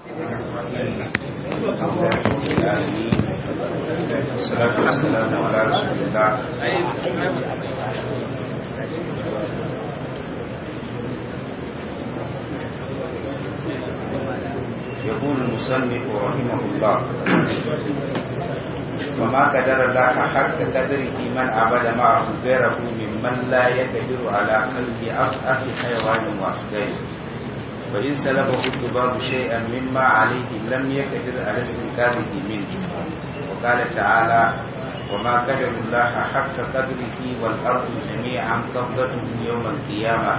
يقول المسلم رحمه الله وما قدر الله حق قدره من عبد معه غيره ممن لا يقدر على قلب أخ حيوان وأصدره فإن سلبه الذباب شيئا مما عليه لم يقدر على استنقاذه منه وقال تعالى وما قدر الله حق قدره والأرض جميعا قبضته يوم القيامة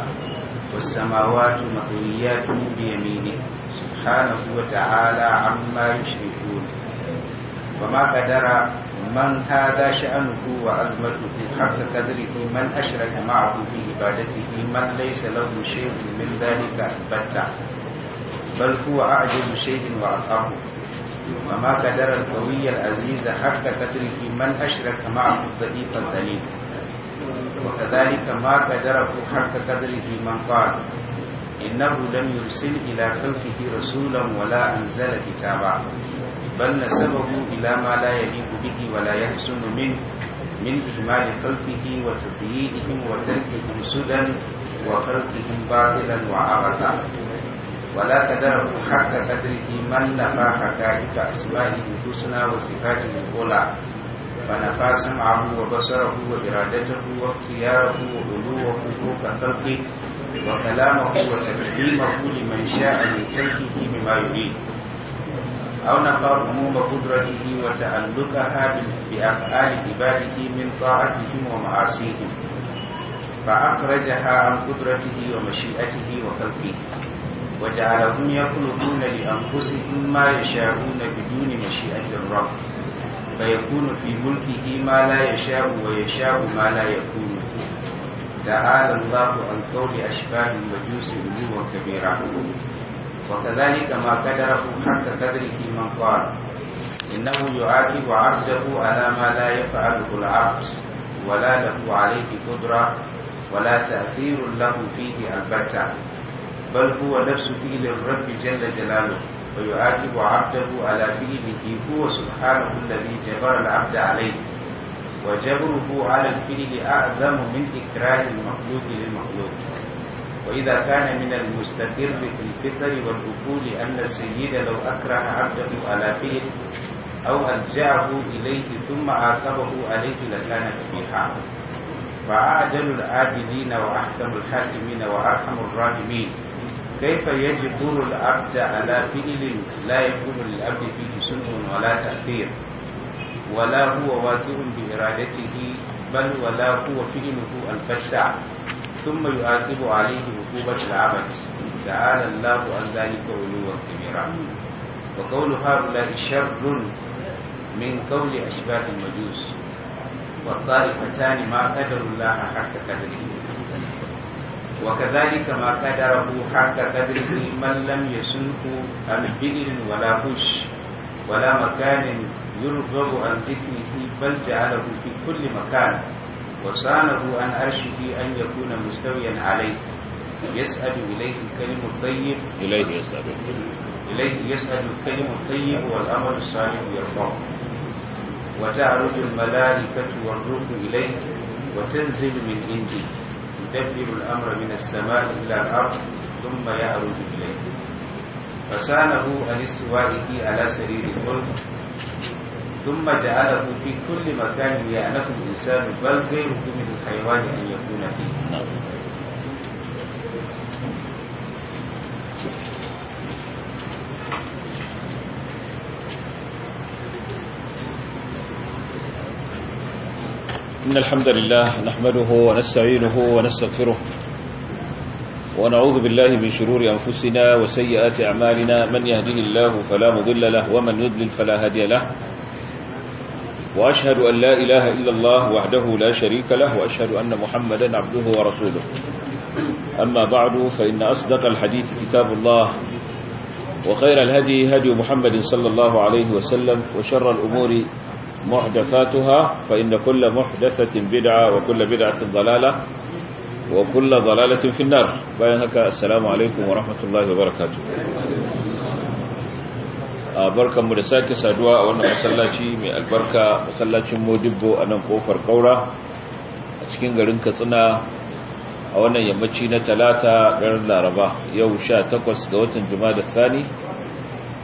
والسماوات مطويات بيمينه سبحانه وتعالى عما يشركون وما قدر من هذا شأنه وعظمته حق قدره من أشرك معه في عبادته من ليس له شيء من ذلك بتة بل هو أعجب شيء وأطعه وما قدر القوي العزيز حق قدره من أشرك معه الضعيف الدليل وكذلك ما قدره حق قدره من قال إنه لم يرسل إلى خلقه رسولا ولا أنزل كتابا بل نسبه إلى ما لا يليق به ولا يحسن منه من إجمال خلقه وتضييعهم وتركهم سدى وخلقهم باطلا وعبثا ولا تدره حق قدره من نفى حقائق أسمائه الحسنى وصفاته الأولى فنفى سمعه وبصره وإرادته واختياره وغلوه فوق خلقه وكلامه وتفعيل وتفعيله من شاء من خلقه بما يريد أو نفى عموم قدرته وتعلقها بأفعال عباده من طاعتهم ومعاصيهم فأخرجها عن قدرته ومشيئته وخلقه وجعلهم يخلقون لأنفسهم ما يشاءون بدون مشيئة الرب فيكون في ملكه ما لا يشاء ويشاء ما لا يكون تعالى الله عن قول أشباه المجوس علوا كبيرا وكذلك ما قدره حق قدره من قال إنه يعاقب عبده على ما لا يفعله العبد ولا له عليه قدرة ولا تأثير له فيه البتة بل هو نفس فعل الرب جل جلاله ويعاقب عبده على فيه هو سبحانه الذي جبر العبد عليه وجبره على الفعل أعظم من إكراه المخلوق للمخلوق وإذا كان من المستقر في الفطر والأقول أن السيد لو أكره عبده على فعل أو ألجأه إليه ثم عاقبه عليه لكان قبيحا فأعدل العادلين وأحكم الحاكمين وأرحم الراحمين كيف يجبر العبد على فعل لا يكون للعبد فيه سن ولا تأثير ولا هو واقع بإرادته بل ولا هو فهمه البشع ثم يعاقب عليه عقوبة العبد تعالى الله عن ذلك علوا كبيرا وقول هؤلاء شر من قول أشباه المجوس والطائفتان ما قدر الله حق قدره وكذلك ما قدره حق قدره من لم يسنه عن بئر ولا هش ولا مكان يرغب عن ذكره بل جعله في كل مكان وسانه عن عرشه أن يكون مستويا عليه يسأل إليه الكلم الطيب إليه يسأل إليه يسأل الكلم الطيب والأمر الصالح يرفعه وتعرج الملائكة والروح إليه وتنزل من عنده يدبر الأمر من السماء إلى الأرض ثم يعرج إليه فسانه عن استوائه على سرير الملك ثم جعله في كل مكان يعنف الإنسان بل غير من الحيوان أن يكون فيه إن الحمد لله نحمده ونستعينه ونستغفره ونعوذ بالله من شرور أنفسنا وسيئات أعمالنا من يهده الله فلا مضل له ومن يضلل فلا هادي له وأشهد أن لا إله إلا الله وحده لا شريك له وأشهد أن محمدا عبده ورسوله أما بعد فإن أصدق الحديث كتاب الله وخير الهدي هدي محمد صلى الله عليه وسلم وشر الأمور محدثاتها فإن كل محدثة بدعة وكل بدعة ضلالة وكل ضلالة في النار بايهك السلام عليكم ورحمة الله وبركاته barkanmu da sake saduwa a wannan masallaci mai albarka masallacin modibbo a nan kofar kaura a cikin garin katsina a wannan yammaci na talata garin laraba yau sha takwas ga watan juma da sani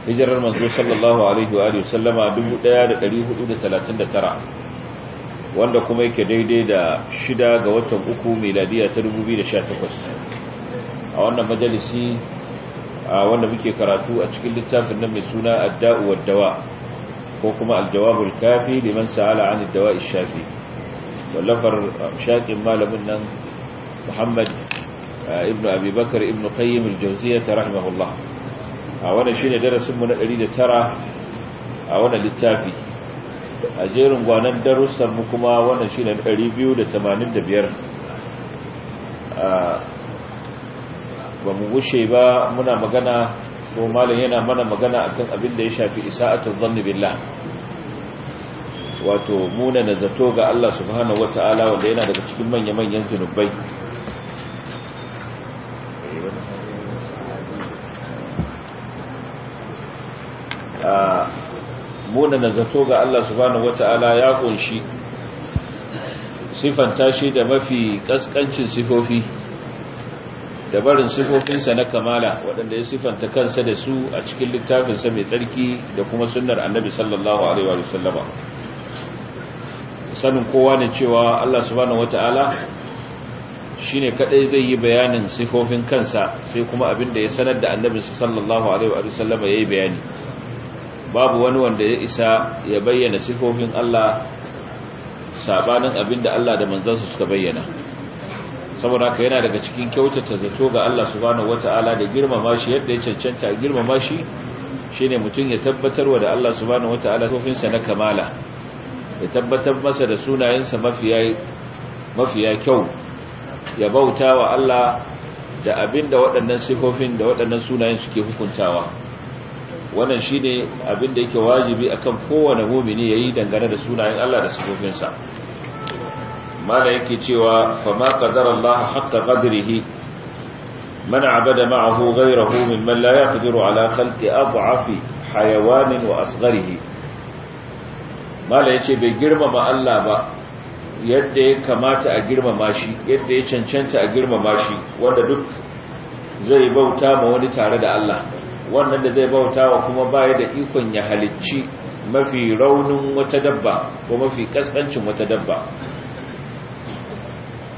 hijirar manzo sallallahu alaihi wa sallama 1439 wanda kuma yake daidai da shida ga watan uku meladiya ta 2018 a wannan majalisi wanda muke karatu a cikin littafin nan mai suna adda'u wad ko kuma aljawabul kafi liman sa'ala an dawa shafi wallafar shakin malamin nan Muhammad Ibnu Abi Bakar ibn Qayyim al-Jawziyyah rahimahullah a wannan shine darasin mu na 109 a wannan littafi a jerin gwanan darussan mu kuma wannan shine 285 ba mu gushe ba muna magana ko malam yana mana magana akan abin da ya shafi isa'atul zanni billah wato da zato ga Allah subhanahu wataala wanda yana daga cikin manya-manyan zunubai muna zato ga Allah subhanahu wataala ya kunshi sifanta shi da mafi kaskancin sifofi da barin sifofinsa na kamala waɗanda ya sifanta kansa da su a cikin littafinsa mai tsarki da kuma sunar annabi sallallahu alaihi wa sallama sanin kowa ne cewa Allah subhanahu wata'ala ne kaɗai zai yi bayanin sifofin kansa sai kuma abin da ya sanar da annabinsa sallallahu alaihi wa sallama yayi bayani babu wani wanda ya isa ya bayyana sifofin Allah sabanin abin da Allah da manzansa suka bayyana saboda haka yana daga cikin kyautata zato ga Allah subhanahu wata'ala da girmama shi yadda ya cancanta girmama shi shine mutum ya tabbatarwa da Allah subhanahu wata'ala sa na kamala ya tabbatar masa da sunayensa mafiya mafiya kyau ya bauta wa Allah da abin da waɗannan sifofin da waɗannan sunayen suke hukuntawa wannan shine ne abin da yake wajibi akan kowane mumini yayi dangane da sunayen Allah da sifofinsa mala yake cewa fama qadarallahu hatta qadrihi man abada ma'ahu ghayrahu mimman la yaqdiru ala khalqi ad'afi hayawanin wa asgharihi mala yace bai girmama Allah ba yadda ya kamata a girmama shi yadda ya cancanta a girmama shi wanda duk zai bauta ma wani tare da Allah wannan da zai bauta wa kuma baya da ikon ya halicci mafi raunin wata dabba ko mafi kaskancin wata dabba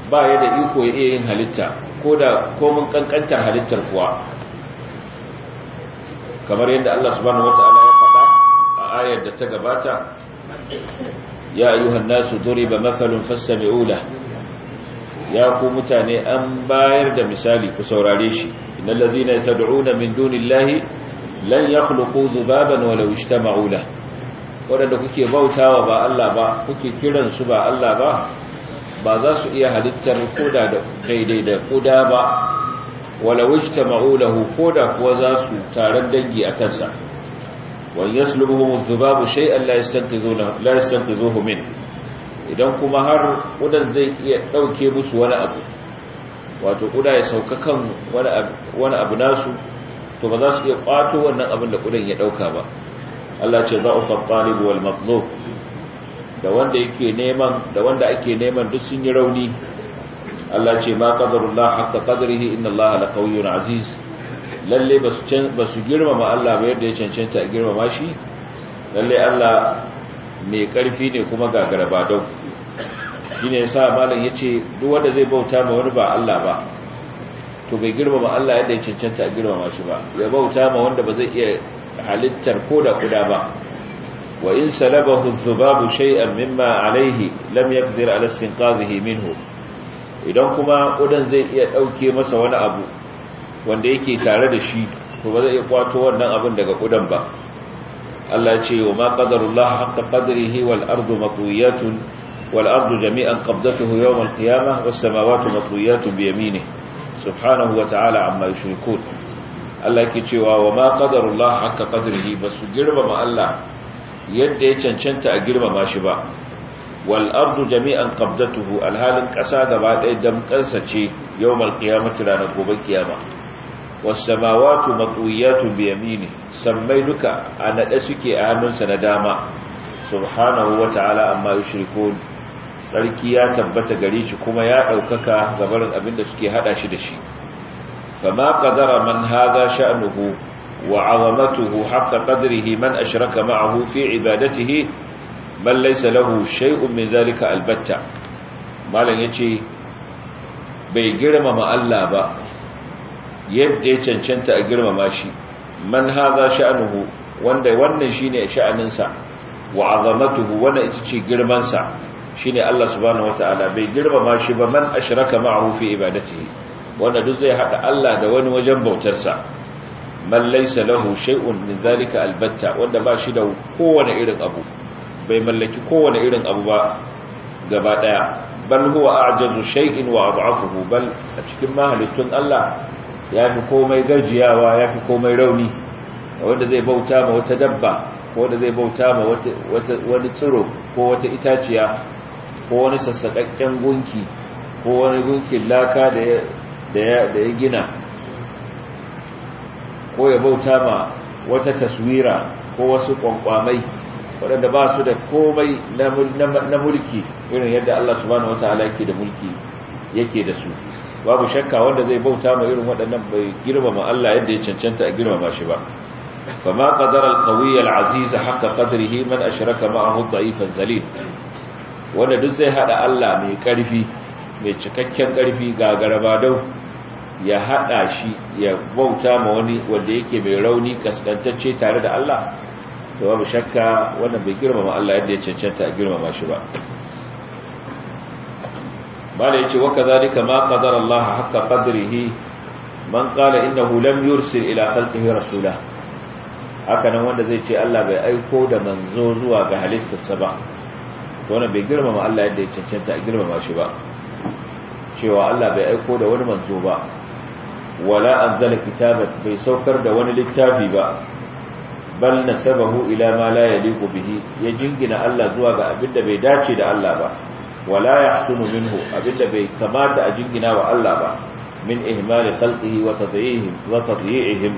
ba ya da iko ya iya yin halitta ko da komin kankantar halittar kuwa kamar yadda Allah subhanahu wata'ala ya faɗa a ayar da ta gabata ya ayyuhan nasu duriba fassa fastami'u la ya ku mutane an bayar da misali ku saurare shi innal ya yad'una min dunillahi lan yakhluqu zubaban walau ijtama'u la Waɗanda kuke bautawa ba Allah ba kuke kiransu ba Allah ba ba za su iya halittar koda da daidai da kuda ba wala wajta ma'ulahu koda kuwa za su taron dangi a kansa wani ya sulubuhu zubabu shai'an la min idan kuma har kudan zai iya ɗauke musu wani abu wato kuda ya sauka kan wani abu nasu to ba za su iya ƙwato wannan abin da kudan ya ɗauka ba Allah ce za'ufar ɗalibu wal matlub da wanda yake neman da wanda ake neman duk sun yi rauni Allah ce ma qadarullah hatta qadrihi inna Allah la qawiyyun aziz lalle basu can basu girmama Allah ba yadda ya cancanta a girmama shi lalle Allah mai karfi ne kuma gagaraba don shine yasa malam yace duk wanda zai bauta ma wani ba Allah ba to bai girmama Allah yadda ya cancanta a girmama shi ba ya bauta ma wanda ba zai iya halittar koda kuda ba wa in salabahu dhubabu shay'an mimma alayhi lam yaqdir ala istinqadhihi minhu idan kuma kudan zai iya dauke masa wani abu wanda yake tare da shi to ba zai iya kwato wannan abin daga kudan ba Allah ce wa ma qadarullah haqqa qadrihi wal ardu matwiyatun wal ardu jami'an qabdatuhu yawm al qiyamah was samawati matwiyatun bi yaminihi subhanahu wa ta'ala amma yushrikun Allah yake cewa wa ma qadarullah haqqa qadrihi basu girmama Allah yadda ya cancanta a girmama shi ba wal ardu jami'an qabdatuhu alhalin ƙasa gaba ɗaya damƙarsa ce yawmal qiyamati ranar gobe kiyama was samawati matwiyatun bi yamini sammai duka a nade suke a hannunsa na dama subhanahu wa ta'ala amma yushrikun sarki ya tabbata gare shi kuma ya ɗaukaka gabarin abinda suke hada shi da shi fama qadara man hadha sha'nuhu وعظمته حق قدره من أشرك معه في عبادته من ليس له شيء من ذلك البتة ما لن يتي بيقرم ما ألا با يبدي تنشنت أقرم ماشي من هذا شأنه wanda wannan shine sha'aninsa wa azamatuhu wannan ita ce girman sa shine Allah subhanahu wataala bai girmama shi ba man ashraka ma'ahu fi ibadatihi wanda duk zai haɗa Allah da wani wajen bautarsa. man laysa lahu shay'un min zalika albatta wanda ba shi da kowane irin abu bai mallaki kowane irin abu ba gaba daya bal huwa a'jazu shay'in wa ad'afuhu bal a cikin mahalittun Allah yafi komai gajiyawa yafi komai rauni wanda zai bauta ma wata dabba ko wanda zai bauta ma wata wani tsiro ko wata itaciya ko wani sassakakken gunki ko wani gunkin laka da ya gina ko ya bauta ma wata taswira ko wasu kwankwamai waɗanda ba su da komai na mulki irin yadda Allah subhanahu wata'ala yake da mulki yake da su babu shakka wanda zai bauta ma irin waɗannan bai girmama Allah yadda ya cancanta a girmama shi ba فما قدر القوي العزيز حق قدره من أشرك معه الضعيف الذليل wanda duk zai haɗa Allah mai karfi mai cikakken karfi ga garabadau ya haɗa shi ya bauta ma wani wanda yake mai rauni kaskantacce tare da Allah to babu shakka wannan bai girmama Allah yadda ya cancanta a girmama shi ba bala yace wa kadhalika ma qadara Allah hatta qadrihi man qala innahu lam yursil ila khalqihi rasula haka nan wanda zai ce Allah bai aiko da manzo zuwa ga halittarsa ba to wannan bai girmama Allah yadda ya cancanta a girmama shi ba cewa Allah bai aiko da wani manzo ba wala anzala kitaban bai saukar da wani littafi ba bal nasabahu ila ma la yaliqu bihi ya jingina Allah zuwa ga abinda bai dace da Allah ba wala yahsunu minhu abinda bai kamata a jingina wa Allah ba min ihmali khalqihi wa tadhiyihim wa tadhiyihim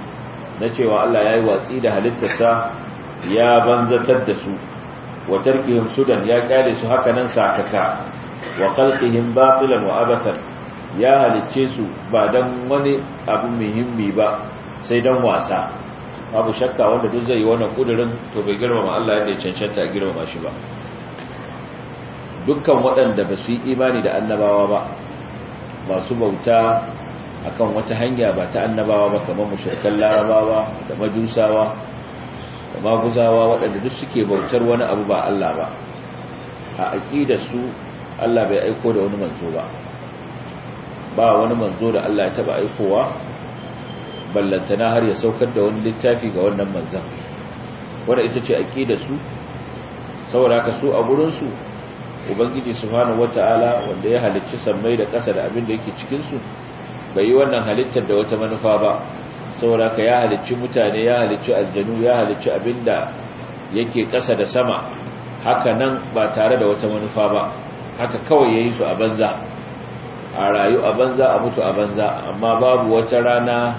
na cewa Allah yayi watsi da halittarsa ya banzatar da su wa tarkihim sudan ya kale su haka nan sakaka wa khalqihim batilan wa abathan ya halicce su ba don wani abu muhimmi ba sai don wasa babu shakka wanda duk zai yi wannan kudurin to bai girmama Allah yadda ya cancanta a girmama shi ba dukkan waɗanda ba su yi imani da annabawa ba masu bauta akan wata hanya ba ta annabawa ba kamar mushrikan larabawa da majusawa da maguzawa waɗanda duk suke bautar wani abu ba Allah ba a da su Allah bai aiko da wani manzo ba ba wani manzo da Allah ya taba aikowa ballantana har ya saukar da wani littafi ga wannan manzan wanda ita ce aqida su saboda ka so a gurin su ubangiji subhanahu wataala wanda ya halicci sammai da ƙasa da abin da yake cikin su bai yi wannan halittar da wata manufa ba saboda haka ya halicci mutane ya halicci aljanu ya halicci abin da yake ƙasa da sama haka nan ba tare da wata manufa ba haka kawai yayin su a banza a rayu a banza a mutu a banza amma babu wata rana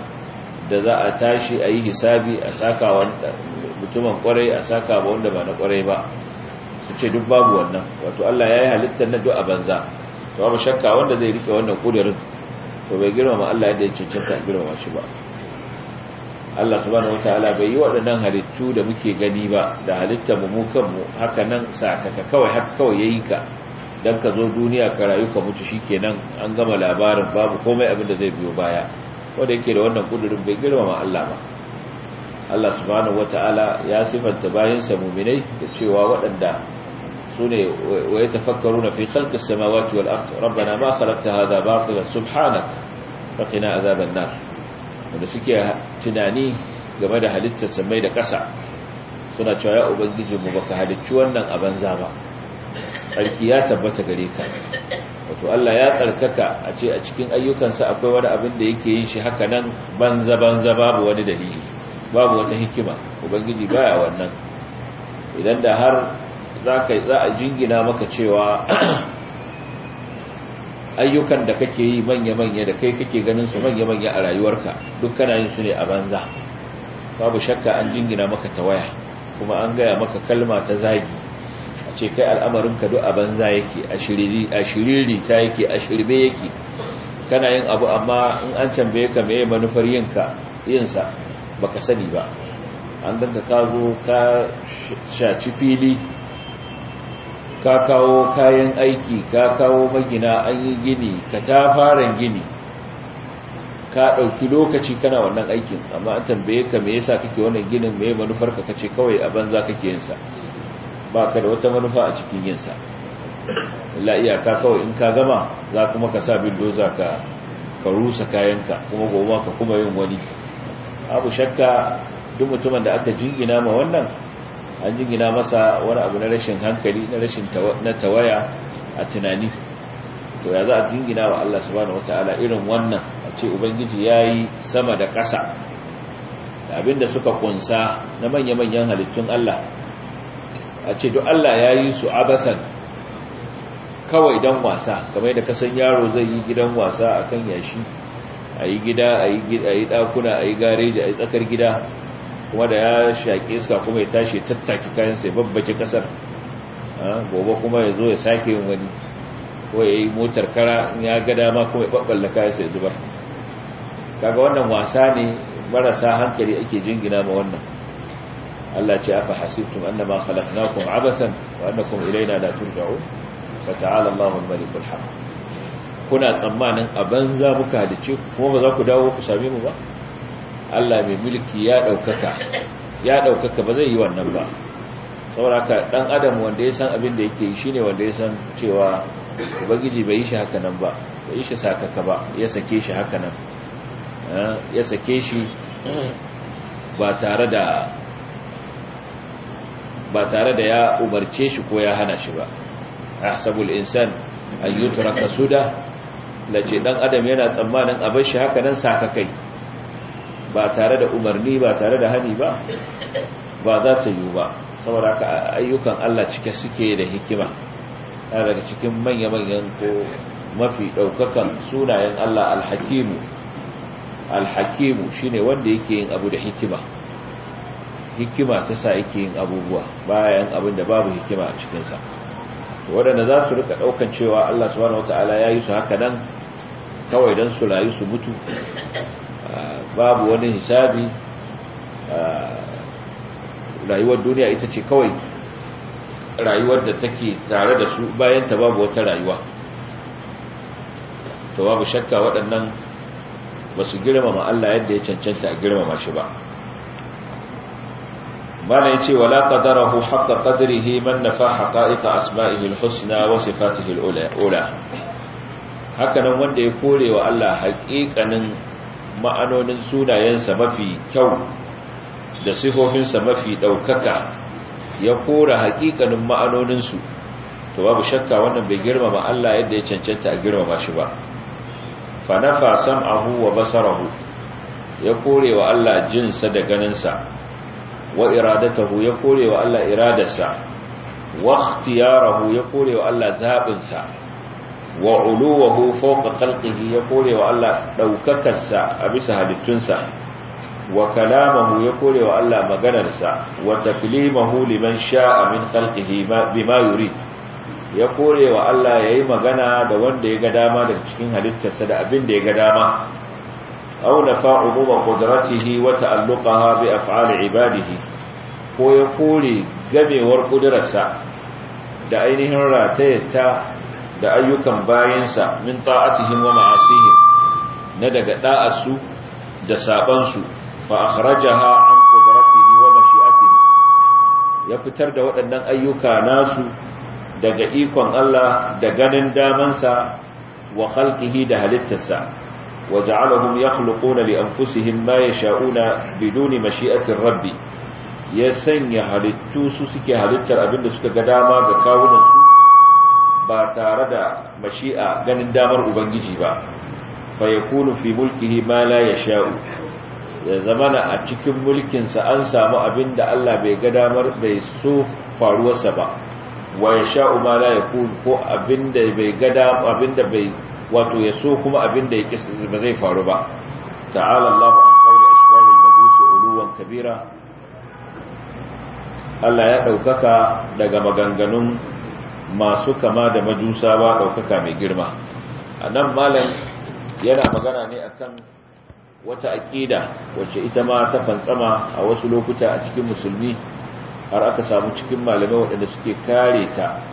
da za a tashi a yi hisabi a saka wanda mutumin kwarai a saka wanda ba na kwarai ba su ce duk babu wannan wato Allah ya yi halittar na duk a banza to ba shakka wanda zai rike wannan kudurin to bai girmama Allah yadda ya cancanta a girmama shi ba Allah subhanahu wataala bai yi waɗannan halittu da muke gani ba da halittar mu mu kanmu haka nan sakaka kawai har kawai yayi ka don ka zo duniya ka rayu ka mutu shi kenan an gama labarin babu komai abin da zai biyo baya wanda yake da wannan kudurin bai girmama Allah ba Allah subhanahu wata'ala ya sifanta bayansa muminai da cewa waɗanda su ne wa ya tafakkaru na fi khalqis samawati wal ard rabbana ma khalaqta hadha batila subhanak fa qina adhaban nar wanda suke tunani game da halittar samai da ƙasa suna cewa ya mu baka halicci wannan a banza ba tsarki ya tabbata gare ka wato Allah ya tsarkaka a ce a cikin ayyukansa akwai wani abin da yake yin shi haka nan banza banza babu wani dalili babu wata hikima ubangiji baya wannan idan da har za za a jingina maka cewa ayyukan da kake yi manya-manya da kai kake ganin su manya-manya a rayuwarka duk kana yin su ne a banza babu shakka an jingina maka tawaya kuma an gaya maka kalma ta zagi ce kai ka duk a banza yake a shiriri ta yake a shirbe yake kana yin abu amma in an tambaye ka meye manufar yinka yinsa baka sani ba an danka kago ka shaci fili ka kawo kayan aiki ka kawo magina an yi gini ka ta fara gini ka ɗauki lokaci kana wannan aikin amma an tambaye ka me yasa kake wannan ginin me manufarka kace kawai a banza kake yinsa ba ka da wata manufa a cikin yinsa la iyaka kawai in ka gama za kuma ka sa bildoza ka ka rusa kayanka kuma goma ka kuma yin wani abu shakka duk mutumin da aka jingina ma wannan an jingina masa wani abu na rashin hankali na rashin na tawaya a tunani to ya za a jingina wa Allah subhanahu wataala irin wannan a ce ubangiji yayi sama da ƙasa da abinda suka kunsa na manya-manyan halittun Allah a ce duk Allah ya yi su abasan kawai don wasa kamar da kasan yaro zai yi gidan wasa a kan yashi a yi gida a yi ɗakuna a yi gareji a yi tsakar gida kuma da ya shaƙi iska kuma ya tashi tattaki kayan sai babbace ƙasar gobe kuma ya zo ya sake yin wani ko ya yi motar kara ya ga dama kuma ya ɓaɓɓalla kayan sai zubar kaga wannan wasa ne marasa hankali ake jingina ma wannan Allah ce afa hasibtum annama khalaqnakum abasan wa annakum ilayna la fa ta'ala Allahul malikul haq kuna tsammanin a za muka dace kuma ba za ku dawo ku same mu ba Allah mai mulki ya daukaka ya daukaka ba zai yi wannan ba sauraka dan adam wanda ya san abin da yake yi shine wanda ya san cewa ubangiji bai yi shi haka nan ba bai yi shi sakaka ba ya sake shi haka nan eh, ya sake shi ba tare da ba tare da ya umarce shi ko ya hana shi ba ahsabul insan an suda lace dan adam yana tsammanin abin shi haka nan kai. ba tare da umarni ba tare da hani ba ba za ta yi ba saboda haka ayyukan Allah cike suke da hikima daga cikin manya-manyan ko mafi daukakan sunayen Allah al-hakimu al-hakimu shine wanda yake yin abu da hikima hikima ta sa yake yin abubuwa bayan abin da babu hikima a cikinsa waɗanda za su rika ɗaukan cewa Allah subhanahu wata'ala ya yi su haka nan kawai don su rayu su mutu babu wani hisabi rayuwar duniya ita ce kawai rayuwar da take tare da su bayan ta babu wata rayuwa to babu shakka waɗannan ba su girmama Allah yadda ya cancanta a girmama shi ba mana yace wala qadarahu haqqo qadrihi man nafa haqa'iqa asma'ihi al-husna wa sifatihi al-ula haka nan wanda ya kore wa Allah haƙiƙanin ma'anonin sunayensa mafi kyau da sifofinsa mafi ɗaukaka ya kora haƙiƙanin ma'anoninsu to babu shakka wannan bai girmama Allah yadda ya cancanta a girmama shi ba fa nafa sam'ahu wa basarahu ya kore wa Allah jinsa da ganinsa wa iradatahu ya kore wa Allah iradarsa wa ikhtiyarahu ya kore wa Allah zabinsa wa uluwahu fawqa khalqihi ya kore wa Allah daukakarsa a bisa halittunsa wa kalamahu ya kore wa Allah maganarsa wa taklimahu liman sha'a min khalqihi bima yurid ya kore wa Allah yayi magana da wanda ya ga dama daga cikin halittarsa da abin da ya ga dama aw nafa umuma qudratihi wa ta'alluqaha bi af'ali ibadihi ko ya kore gamewar ƙudurarsa da ainihin ratayata da ayyukan bayansa min ta'atihim wa ma'asihim na daga ɗa'asu da sabansu fa akhrajaha an qudratihi wa mashi'atihi ya fitar da waɗannan ayyuka nasu daga ikon Allah da ganin damansa wa khalqihi da halittarsa وجعلهم يخلقون لأنفسهم ما يشاءون بدون مشيئة الرب ya sanya halittu su suke halittar abin da suka ga dama ga kawunansu ba tare da mashi'a ganin damar ubangiji ba fa yakunu fi mulkihi ma la yasha'u ya zamana a cikin mulkinsa an samu abin da Allah bai ga damar bai so faruwarsa ba wa yasha'u ma la yakun ko abin da bai ga abin da bai wato ya so kuma abin da ya ƙi ba zai faru ba ta'ala Allah an qawli ashbahi majusi uluwan kabira Allah ya daukaka daga maganganun masu kama da majusa ba daukaka mai girma anan malam yana magana ne akan wata aqida wacce ita ma ta fantsama a wasu lokuta a cikin musulmi har aka samu cikin malamai waɗanda suke kare ta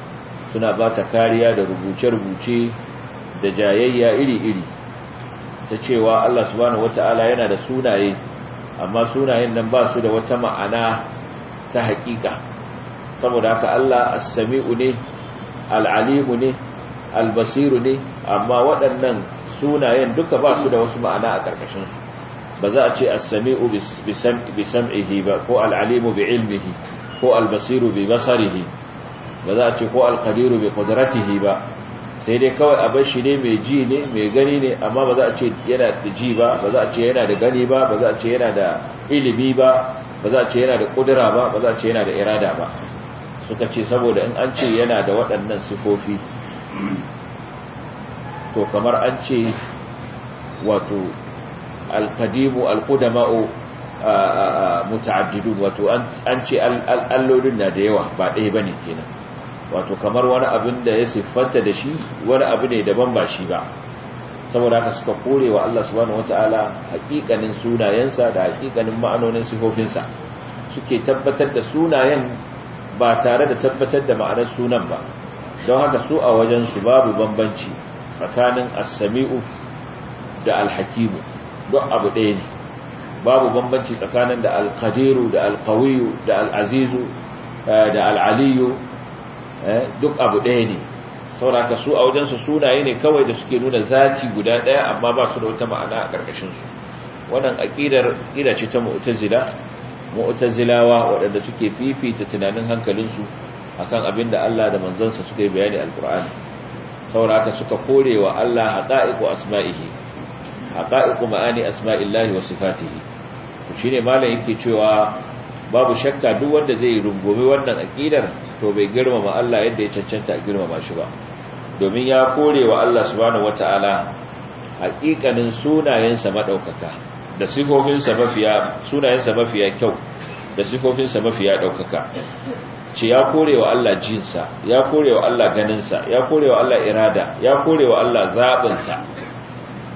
suna ba ta kariya da rubuce-rubuce da jayayya iri-iri ta cewa Allah subhanahu wata'ala yana da sunaye amma sunayen nan ba su da wata ma'ana ta haƙiƙa saboda haka Allah as-sami'u ne al-alimu ne al-basiru ne amma waɗannan sunayen duka ba su da wasu ma'ana a ƙarƙashin su ba za a ce as-sami'u bi sam'ihi ba ko al-alimu bi ilmihi ko al-basiru bi basarihi ba za a ce ko al-qadiru bi qudratihi ba sai dai kawai a shi ne mai ji ne mai gani ne amma ba za a ce yana da ji ba ba za a ce yana da gani ba ba za a ce yana da ilimi ba ba za a ce yana da kudura ba ba za a ce yana da irada ba suka ce saboda in an ce yana da waɗannan sifofi to kamar an ce wato alkadimu alkudama'u muta'addidu wato an ce allolin na da yawa ba ɗaya ne kenan wato kamar wani abin da ya siffanta da shi wani abu ne daban ba shi ba saboda haka suka kore wa Allah subhanahu wataala hakikanin sunayensa da hakikanin ma'anonin sifofinsa suke tabbatar da sunayen ba tare da tabbatar da ma'anar sunan ba don haka su a wajen su babu bambanci tsakanin as-sami'u da al duk abu ɗaya ne babu bambanci tsakanin da al-qadiru da al-qawiyu da al-azizu eh, da al Eh, duk abu ɗaya ne sauraka su a wajensu sunaye ne kawai da suke nuna zati guda ɗaya amma ba su da wata ma'ana a ƙarƙashinsu wannan aƙidar ƙida ce ta mu'tazila mu'tazilawa waɗanda suke fifita tunanin hankalinsu akan abin da Allah da manzansa suka yi bayani alƙur'ani sauraka suka korewa Allah haƙa'iqu asma'ihi ma'ani asma'illahi wa sifatihi shine malam yake cewa babu shakka duk wanda zai rungume wannan aqidar to bai girmama Allah yadda ya cancanta a girmama shi ba domin ya kore wa Allah subhanahu wataala haƙiƙanin sunayensa madaukaka da sifofinsa mafiya sunayensa mafiya kyau da sifofinsa mafiya daukaka ce ya kore wa Allah jinsa ya kore wa Allah ganinsa ya kore wa Allah irada ya kore wa Allah zaɓinsa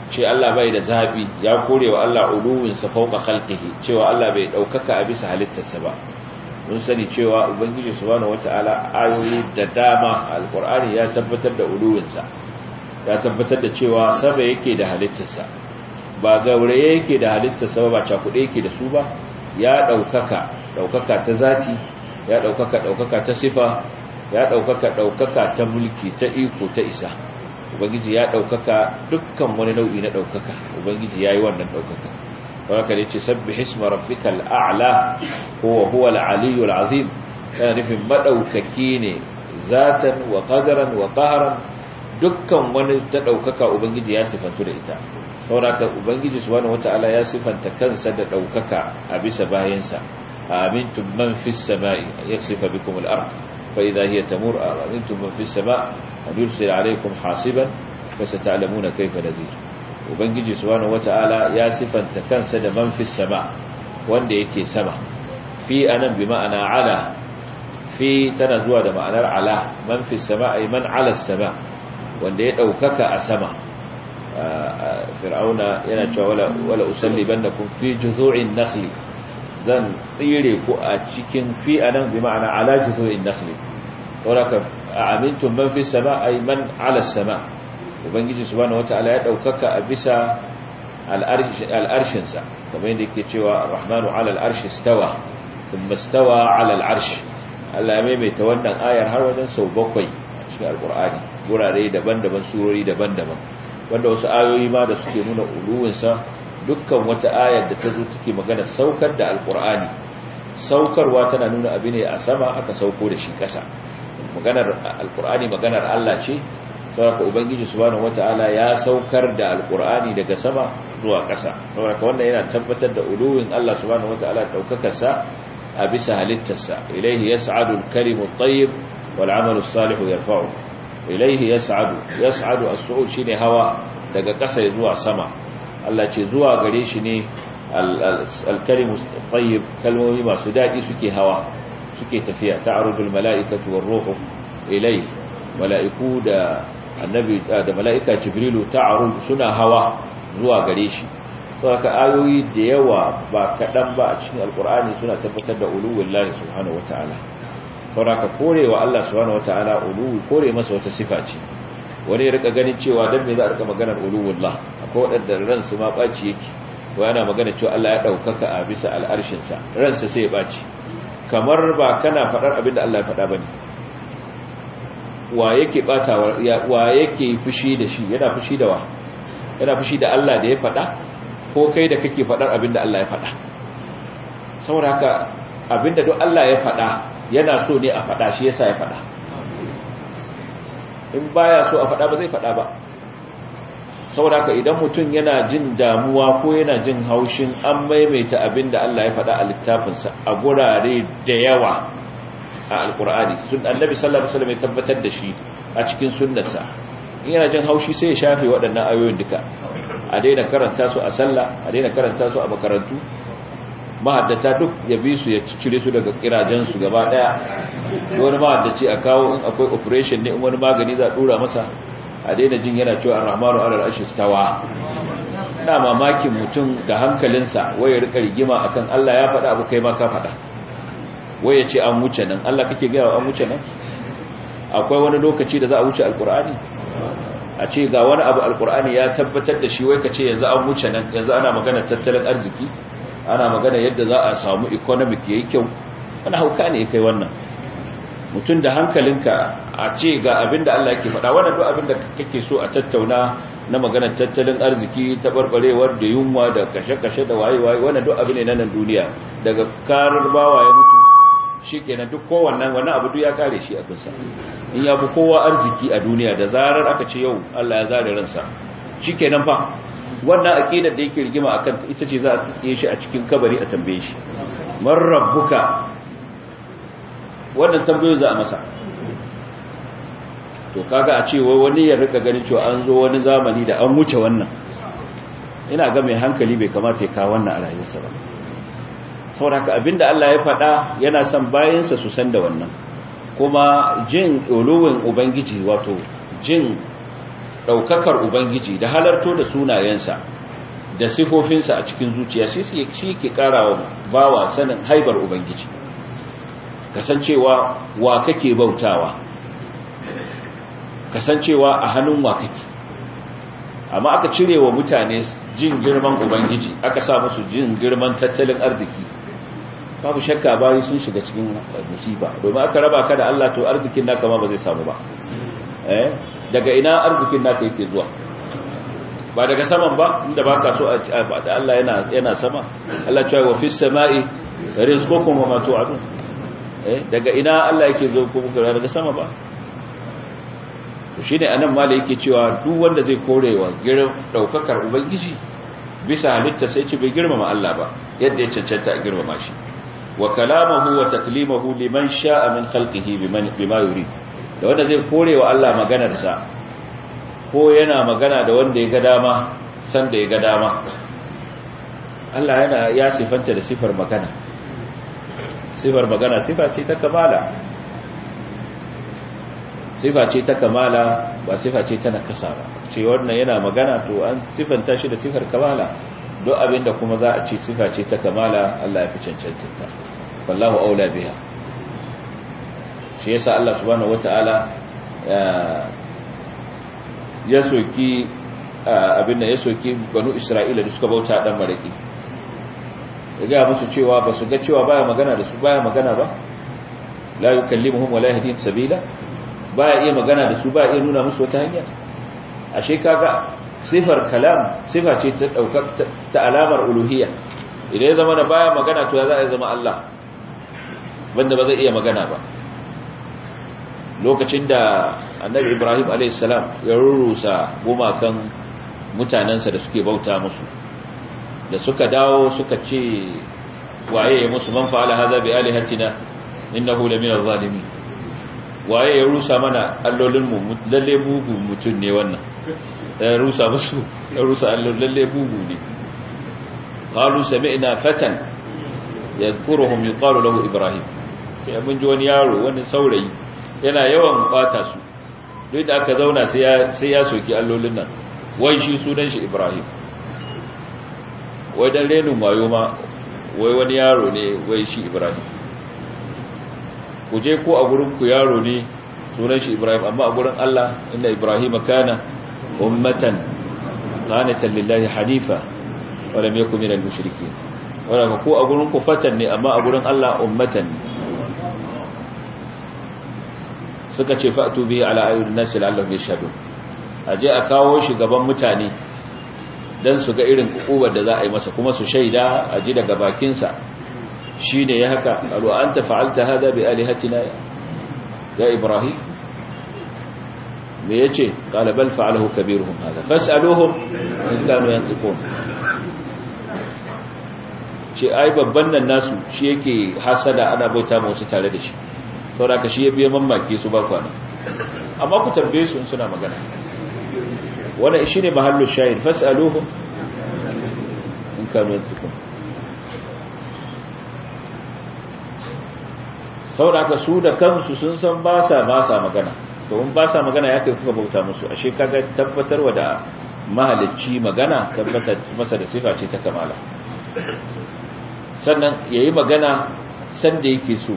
ce Allah bai da zabi ya kore wa Allah uluwin sa fauka khalqihi cewa Allah bai daukaka a bisa halittarsa ba mun sani cewa ubangiji subhanahu wataala ayoyi da dama alqur'ani ya tabbatar da uluwin sa ya tabbatar da cewa saba yake da halittarsa ba gauraye yake da halittarsa ba ba cakuɗe yake da su ba ya ɗaukaka ɗaukaka ta zati ya ɗaukaka ɗaukaka ta sifa ya ɗaukaka ɗaukaka ta mulki ta iko ta isa ubangiji ya ɗaukaka dukkan wani nau'i na ɗaukaka ubangiji ya yi wannan ɗaukaka haka ne ce sabbi hisma rabbikal a'la huwa huwa al-aliyyul azim yana nufin madaukaki ne zatan wa qadaran wa qaharan dukkan wani ta ɗaukaka ubangiji ya sifantu da ita sauraka ubangiji subhanahu wataala ya sifanta kansa da ɗaukaka a bisa bayansa amintum man fis sama'i yasifa bikum al-ardh فإذا هي تمور أظنتم من في السماء أن يرسل عليكم حاصبا فستعلمون كيف نذير وبنجي سبحانه وتعالى يا تكنسد من في السماء wanda yake sama fi anan bi ma'ana ala fi tana zuwa da ma'anar ala man fi sama ay man ala sama wanda ya ɗaukaka a sama fir'auna yana cewa wala na usallibannakum fi juzu'in zan tsire ku a cikin fi anan bi ma'ana ala juzu'in nakhli A amintun man fi sama yi man ala sama ubangiji subhanahu wataala ya ɗaukaka a bisa al'arshin sa kamar yadda ke cewa rahmanu ala al-arshi istawa thumma ala al Allah ya maimaita wannan ayar har wajen sau bakwai a cikin alkur'ani wurare daban-daban surori daban-daban wanda wasu ayoyi ma da suke nuna uluwinsa dukkan wata ayar da ta zo take magana saukar da alkur'ani saukarwa tana nuna abu ne a sama aka sauko da shi ƙasa maganar alkur'ani maganar Allah ce saboda ubangiji subhanahu wataala ya saukar da Alƙur'ani daga sama zuwa ƙasa saboda wannan yana tabbatar da uluwin Allah subhanahu wataala daukakar sa a bisa halittarsa ilaihi yas'adu al-kalimu at-tayyib wal 'amalu as-salihu yarfa'u ilaihi yas'adu yas'adu as-su'ud shine hawa daga ƙasa zuwa sama Allah ce zuwa gare shi ne alkalimu tsayyib kalmomi masu daɗi suke hawa suke tafiya ta'arudul mala'ikatu war ruhu ilai mala'iku da annabi da mala'ika jibrilu ta'arud suna hawa zuwa gare shi saboda ayoyi da yawa ba kaɗan ba a cikin alkur'ani suna tabbatar da uluwullahi subhanahu wataala saboda korewa Allah subhanahu wataala kore masa wata sifa ce wani ya rika ganin cewa dan me za a rika maganar uluwullah akwai waɗanda ransu ma ɓaci yake ko yana magana cewa Allah ya ɗaukaka a bisa sa ransa sai ya ɓaci kamar ba kana faɗar abin da Allah ya faɗa ba ne wa yake ɓatawa wa yake fushi da shi yana fushi da wa yana fushi da Allah da ya faɗa ko kai da kake faɗar abin da Allah ya faɗa saboda haka abin da duk Allah ya faɗa yana so ne a faɗa shi yasa ya faɗa in baya so a faɗa ba zai faɗa ba saboda ka idan mutum yana jin damuwa ko yana jin haushin an maimaita abin da Allah ya faɗa a littafinsa a gurare da yawa a alkur'ani sun annabi sallallahu alaihi wasallam ya tabbatar da shi a cikin sunnarsa in yana jin haushi sai ya shafe waɗannan ayoyin duka a daina karanta su a sallah a daina karanta su a makarantu mahaddata duk ya bi su ya cire su daga kirajensu gaba daya wani mahaddaci a kawo in akwai operation ne in wani magani za a dura masa a daina jin yana cewa arrahmanu alal arshi stawa ina mamakin mutum da hankalinsa waye rika rigima akan Allah ya faɗa abu kai ma ka faɗa waye ce an wuce nan Allah kake ga an wuce nan akwai wani lokaci da za a wuce alqur'ani a ce ga wani abu alqur'ani ya tabbatar da shi wai kace yanzu an wuce nan yanzu ana magana tattalin arziki ana magana yadda za a samu economic yayi kyau wani hauka ne kai wannan mutum da hankalinka a ce ga abin da Allah yake faɗa wannan duk abin da kake so a tattauna na maganar tattalin arziki ta barbarewar da yunwa da kashe-kashe da waye-waye wannan duk abin ne na nan duniya daga karar bawa ya mutu shikenan duk kowannan wannan abu duk ya kare shi a kansa in ya bu kowa arziki a duniya da zarar aka ce yau Allah ya zare ransa shikenan fa wannan aqidar da yake rigima akan ita ce za a tsiye shi a cikin kabari a tambaye shi man rabbuka wannan tambayoyin za a masa to kaga a ce wai wani ya rika ganin cewa an zo wani zamani da an wuce wannan ina ga mai hankali bai kamata ya kawo wannan a rayuwarsa ba saboda abinda Allah ya faɗa yana son bayansa su san da wannan kuma jin uluwin ubangiji wato jin Daukakar ubangiji da halarto da sunayensa da sifofinsa a cikin zuciya shi ke ƙara wa bawa sanin haibar ubangiji kasancewa wa kake bautawa kasancewa a hannun wa kake amma aka cire wa mutane jin girman ubangiji aka sa musu jin girman tattalin arziki babu shakka bayi sun shiga cikin musiba domin aka raba ka da Allah to arzikin naka ma ba zai samu ba Eh? daga ina arzikin naka yake zuwa ba daga saman ba inda ba ka so a ba da Allah yana sama Allah cewa wa fis sama'i rizqukum wa ma tu'adun eh daga ina Allah yake zo ku muka daga sama ba shine anan mali yake cewa duk wanda zai korewa girin daukakar ubangiji bisa halitta sai ce bai girmama Allah ba yadda ya cancanta a girmama shi wa kalamahu wa taklimahu liman sha'a min khalqihi biman bima yurid da wanda zai kore wa Allah maganarsa ko yana magana da wanda ya ga dama san da ya ga dama Allah yana ya sifanta da sifar magana sifar magana sifa ce ta kamala sifa ce ta kamala ba sifa ce ta nakasa ba ce wannan yana magana to an sifanta shi da sifar kamala duk abinda kuma za a ce sifa ce ta kamala Allah ya fi cancanta wallahu aula biha shi yasa Allah subhanahu wataala eh, ya soki eh, abin da ya soki banu Isra'ila da suka bauta dan maraki ya musu cewa ba su ga cewa baya magana da su baya magana ba la yukallimuhum wala yahdihim sabila baya iya magana da su baya iya nuna musu wata hanya ashe kaga sifar kalam sifa ce ta daukar ta alamar uluhiyya idan ya zama na baya magana to ya za a zama Allah banda ba zai iya magana ba lokacin da annabi ibrahim salam ya rurrusa gumakan mutanensa da suke bauta musu da suka dawo suka ce waye ya musu man fa'ala hadha bi alihatina innahu lamin adh-dhalimin waye ya rusa mana allolin mu lalle bugu mutun ne wannan ya rusa musu ya rusa allolin lalle bugu ne qalu sami'na fatan yadhkuruhum yuqalu lahu ibrahim sai mun ji wani yaro wani saurayi yana yawan bata su duk da aka zauna sai ya soki allolin nan wai shi sunan shi ibrahim wai dan renin mayo ma wai wani yaro ne wai shi ibrahim ku je ko a gurin ku yaro ne sunan shi ibrahim amma a gurin allah inna ibrahim kana ummatan qanatan lillahi hanifa wa lam yakun minal mushrikeen Wala ko a gurin ku fatan ne amma a gurin allah ummatan ne suka ce fa'atu bihi ala ayyudin nasi la'allahu yashhadu aje a kawo shi gaban mutane dan su ga irin kukubar da za a yi masa kuma su shaida aje daga bakin sa shine ya haka alu anta fa'alta hada bi alihatina ya ibrahim me yace qala bal fa'alahu kabiruhum hada fas'aluhum in kanu yantiqun ce ai babban nan nasu shi yake hasada ana bauta musu tare da shi saura ka shi ya biya mamaki su ba kwana amma ku tambaye su suna magana shi ne mahallu shahid fasaluhu in ka ne su saura ka su da kansu sun san ba sa ba sa magana domin ba sa magana ya kai kuka bauta musu ashe kaga wa da mahalicci magana tabbatar masa da sifa ce ta kamala sannan yayi magana sanda yake so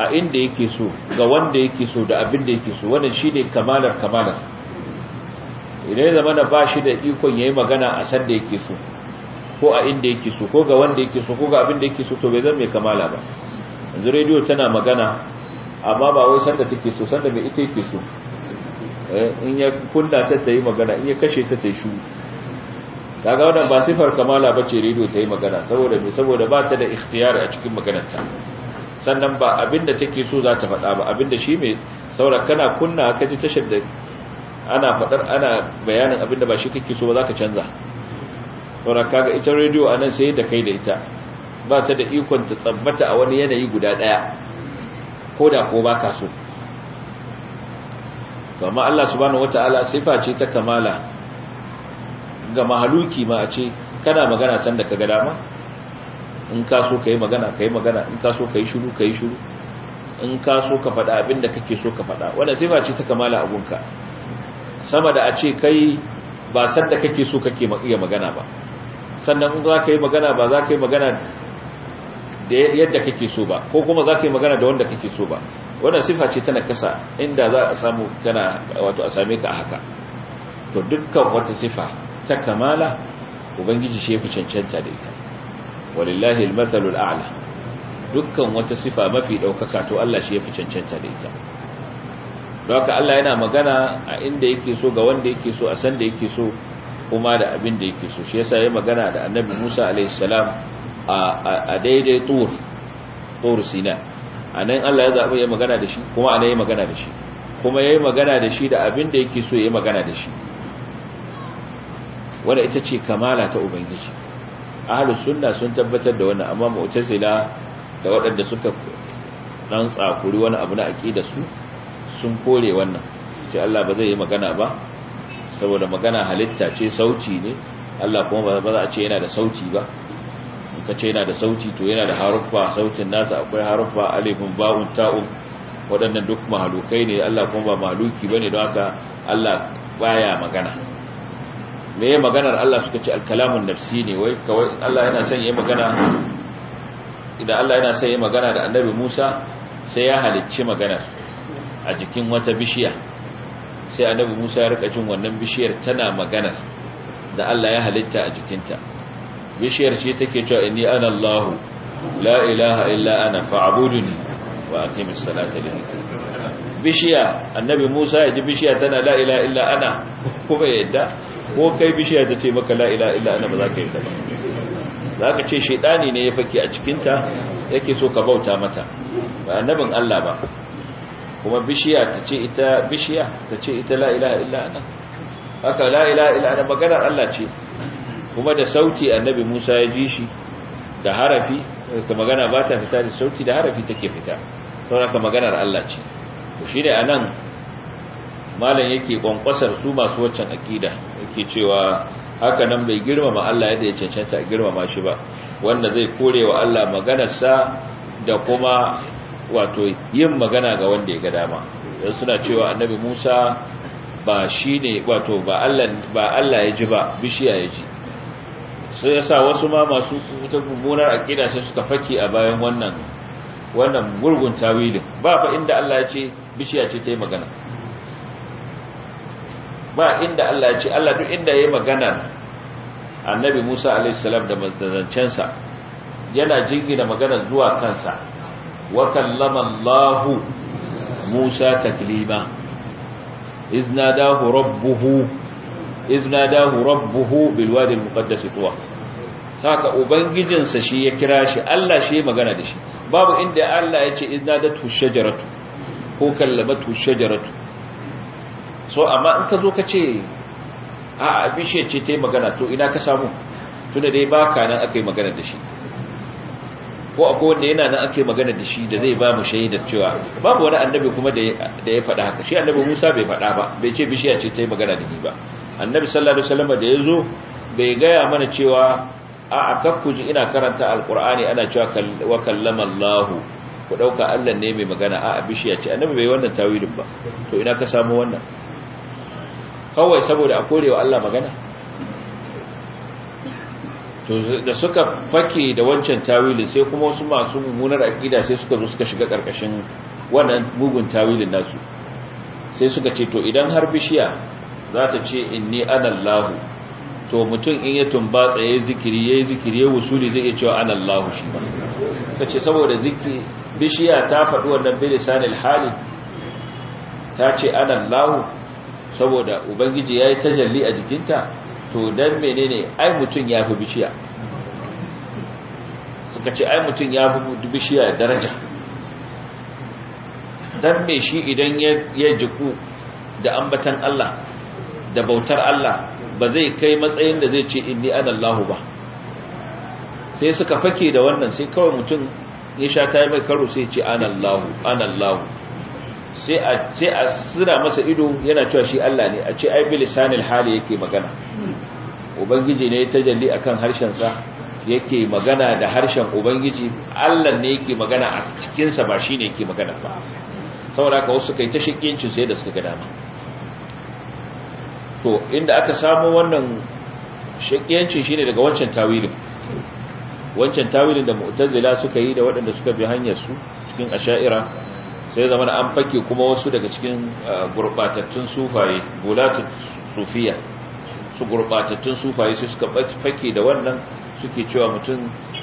a inda yake so ga wanda yake so da abin da yake so wannan shine kamalar kamalar idan ya zama ba shi da ikon yayi magana a san da yake so ko a inda yake so ko ga wanda yake so ko ga abin da yake so to bai zama mai kamala ba yanzu rediyo tana magana amma ba wai da take so da mai ita yake so eh, in ya kunna ta ta yi magana in ya kashe ta ta yi shu kaga wannan ba sifar kamala bace rediyo ta yi magana saboda saboda ba ta da ikhtiyar a cikin maganarta sannan ba abinda take so za ta faɗa ba abinda shi mai saura kana kunna ka ji tashar da ana faɗar ana bayanin abinda ba shi kake so ba za ka canza saura kaga ita rediyo a nan sai da kai da ita ba ta da ikon ta tsabbata a wani yanayi guda ɗaya ko da ko ba ka so amma Allah subhanahu wataala sifa ce ta kamala ga mahaluki ma a ce kana magana san da ka ga dama in ka so ka yi magana ka yi magana in ka so ka yi shuru ka yi shuru in ka so ka faɗa abin da kake so ka faɗa Wannan sai face ce ta kamala abunka sama da a ce kai ba san da kake so kake iya magana ba sannan in za ka yi magana ba za ka yi magana da yadda kake so ba ko kuma za ka yi magana da wanda kake so ba wannan sifa ce tana kasa inda za a samu kana wato a same ka a haka to dukkan wata sifa ta kamala ubangiji shi ya fi cancanta da ita walillahi almathalul a'la dukkan wata sifa mafi daukaka to Allah shi yafi cancanta da ita haka Allah yana magana a inda yake so ga wanda yake so a san da yake so kuma da abin da yake so shi yasa yayi magana da Annabi Musa alaihi salam a daidai tur tur sina anan Allah ya zabi yayi magana da shi kuma anan yayi magana da shi kuma yayi magana da shi da abin da yake so yayi magana da shi wanda ita ce kamala ta ubangiji ahlus sunna sun tabbatar da wannan amma mu'tazila da waɗanda suka dan tsakuri wani abu na aqida su sun kore wannan ce Allah ba zai yi magana ba saboda magana halitta ce sauti ne Allah kuma ba za a ce yana da sauti ba in ka ce yana da sauti to yana da haruffa sautin nasa akwai haruffa alifun ba'un ta'un waɗannan duk mahalukai ne Allah kuma ba mahaluki bane don haka Allah baya magana me ya maganar Allah suka ce alkalamun nafsi ne wai kawai Allah yana son ya magana idan Allah yana son ya magana da annabi Musa sai ya halicci maganar a jikin wata bishiya sai annabi Musa ya rika jin wannan bishiyar tana maganar da Allah ya halitta a jikinta bishiyar ce take cewa inni ana Allah la ilaha illa ana fa'buduni wa aqimis salata li bishiya annabi Musa ya ji bishiya tana la ilaha illa ana kuma yadda ko kai bishiya ta ce maka la'ila illa ana ba za ka yi ta ba za ka ce shaidani ne ya fake a cikinta yake so ka bauta mata ba annabin Allah ba kuma bishiya ta ce ita bishiya ta ce ita la'ila illa ana haka la'ila illa ana maganar Allah ce kuma da sauti annabi Musa ya ji shi da harafi ka magana ba ta fita da sauti da harafi take fita saboda ka maganar Allah ce to shi ne anan malam yake kwankwasar su masu waccan akida yake cewa haka nan bai girmama Allah yadda ya cancanta a girmama shi ba wanda zai kore wa Allah maganarsa da kuma wato yin magana ga wanda ya ga dama don suna cewa annabi Musa ba shi ne wato ba Allah ya ji ba bishiya ya ji sai ya sa wasu ma masu ta mummunar akida sai suka faki a bayan wannan wannan gurgun tawilin ba fa inda Allah ya ce bishiya ce ta yi magana ba inda Allah ya ce Allah duk inda ya yi magana annabi Musa alaihi salam da mazdancansa yana jingina magana zuwa kansa wa kallama Allah Musa taklima iznadahu rabbuhu iznadahu rabbuhu bil wadi al muqaddas tuwa saka ubangijinsa shi ya kira shi Allah shi ya magana da shi babu inda Allah ya ce iznadatu shajaratu ko kallamatu shajaratu so amma in ka zo ka ce a bishiyar ce ta yi magana to ina ka samu tunda dai ba ka nan aka yi magana da shi ko akwai wanda yana nan aka yi magana da shi da zai ba mu da cewa babu wani annabi kuma da ya faɗa haka shi annabi musa bai faɗa ba bai ce bishiya ce ta yi magana da ni ba annabi sallallahu alaihi wasallam da ya zo bai gaya mana cewa a ji ina karanta alkur'ani ana cewa wa kallama allahu ku ɗauka allah ne mai magana a bishiya ce annabi bai wannan tawilin ba to ina ka samu wannan kawai saboda a korewa Allah magana to da suka fake da wancan tawilin sai kuma wasu masu mummunar akida sai suka zo suka shiga karkashin wannan bugun tawilin nasu sai suka ce to idan har bishiya za ta ce inni anallahu to mutum in ya tumba tsaye zikiri yayi zikiri ya wusuli zai iya cewa anallahu shi ba ce saboda zikiri bishiya ta faɗi wannan bilisanil hali ta ce anallahu saboda ubangiji ya yi tajalli a jikinta to don menene ai mutum ya fi bishiya suka ce ai mutum ya fi bishiya daraja don me shi idan ya jiku da ambatan Allah da bautar Allah ba zai kai matsayin da zai ce inni anallahu ba sai suka fake da wannan sai kawai mutum ya sha ta yi mai karo sai ce anallahu anallahu sai a ce a sira masa ido yana cewa shi Allah ne a ce ai bilisanil hali yake magana ubangiji ne ta jalli akan harshen sa yake magana da harshen ubangiji Allah ne yake magana a cikin sa ba shine yake magana ba saboda haka wasu kai ta shikincin sai da suka ga dama to inda aka samu wannan shakiyanci shine daga wancan tawilin wancan tawilin da mu'tazila suka yi da waɗanda suka bi hanyar su cikin asha'ira sai zama an fake kuma wasu daga cikin uh, gurbatattun sufaye gulatun sufiya su gurbatattun sufaye sai suka fake da wannan suke cewa mutum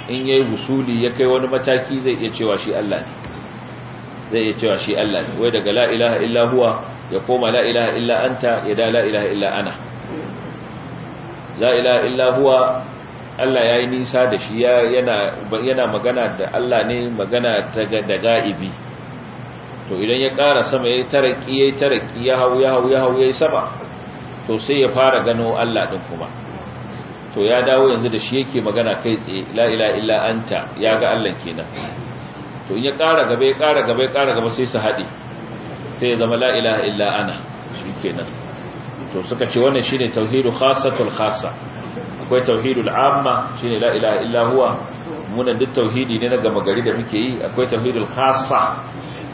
in yayi husuli ya kai wani mataki zai iya cewa shi Allah ne zai iya cewa shi Allah ne wai daga la ilaha illa huwa ya koma la ilaha illa anta ya da la ilaha illa ana la ilaha illa huwa Allah ya yi nisa da shi yana magana da Allah ne magana ta da ga'ibi to idan ya ƙara sama ya yi taraki ya yi taraki ya hau ya hau ya hau ya yi sama to sai ya fara gano Allah ɗin kuma to ya dawo yanzu da shi yake magana kai tsaye la ila illa ta ya ga Allah kenan to in ya ƙara gaba ya ƙara gaba ya ƙara gaba sai su haɗe sai ya zama la illa ana shi kenan to suka ce wannan ne tauhidu khasatul khasa akwai tauhidul amma shi la la’ila illa huwa munan duk tauhidi ne na gama gari da muke yi akwai tauhidul khasa